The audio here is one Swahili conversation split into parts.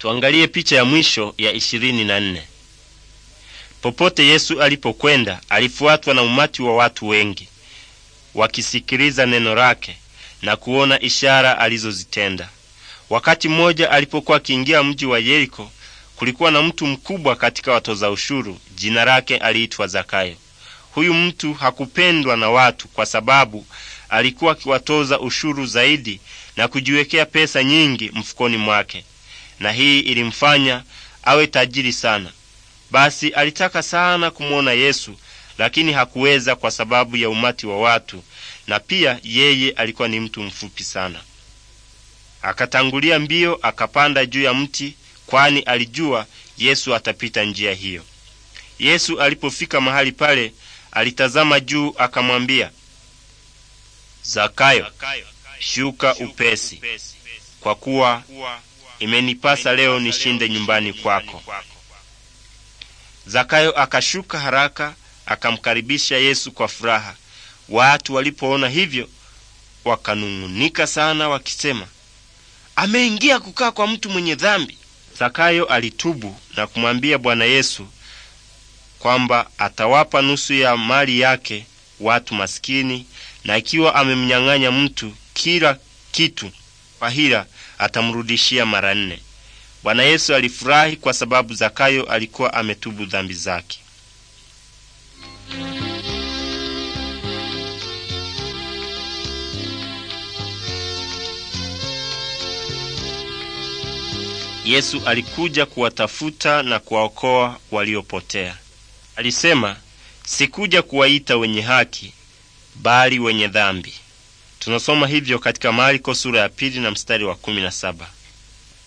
Tuangalie picha ya mwisho ya nne. Popote Yesu alipokwenda alifuatwa na umati wa watu wengi wakisikiliza neno lake na kuona ishara alizozitenda. Wakati mmoja alipokuwa akiingia mji wa Yeriko, kulikuwa na mtu mkubwa katika watoza ushuru, jina lake aliitwa Zakayo. Huyu mtu hakupendwa na watu kwa sababu alikuwa akiwatoza ushuru zaidi na kujiwekea pesa nyingi mfukoni mwake na hii ilimfanya awe tajiri sana. Basi alitaka sana kumwona Yesu, lakini hakuweza kwa sababu ya umati wa watu, na pia yeye alikuwa ni mtu mfupi sana. Akatangulia mbio akapanda juu ya mti, kwani alijua Yesu atapita njia hiyo. Yesu alipofika mahali pale, alitazama juu akamwambia, Zakayo, shuka upesi, kwa kuwa imenipasa leo nishinde nyumbani kwako. Zakayo akashuka haraka akamkaribisha Yesu kwa furaha. Watu walipoona hivyo wakanung'unika sana, wakisema, ameingia kukaa kwa mtu mwenye dhambi. Zakayo alitubu na kumwambia Bwana Yesu kwamba atawapa nusu ya mali yake watu masikini, na ikiwa amemnyang'anya mtu kila kitu fahila atamrudishia mara nne. Bwana Yesu alifurahi kwa sababu Zakayo alikuwa ametubu dhambi zake. Yesu alikuja kuwatafuta na kuwaokoa waliopotea. Alisema, sikuja kuwaita wenye haki, bali wenye dhambi. Tunasoma hivyo katika Marko sura ya pili na mstari wa kumi na saba.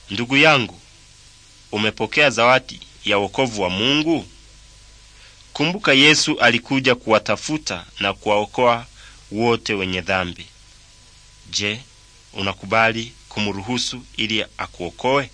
Ndugu yangu, umepokea zawadi ya wokovu wa Mungu? Kumbuka Yesu alikuja kuwatafuta na kuwaokoa wote wenye dhambi. Je, unakubali kumruhusu ili akuokoe?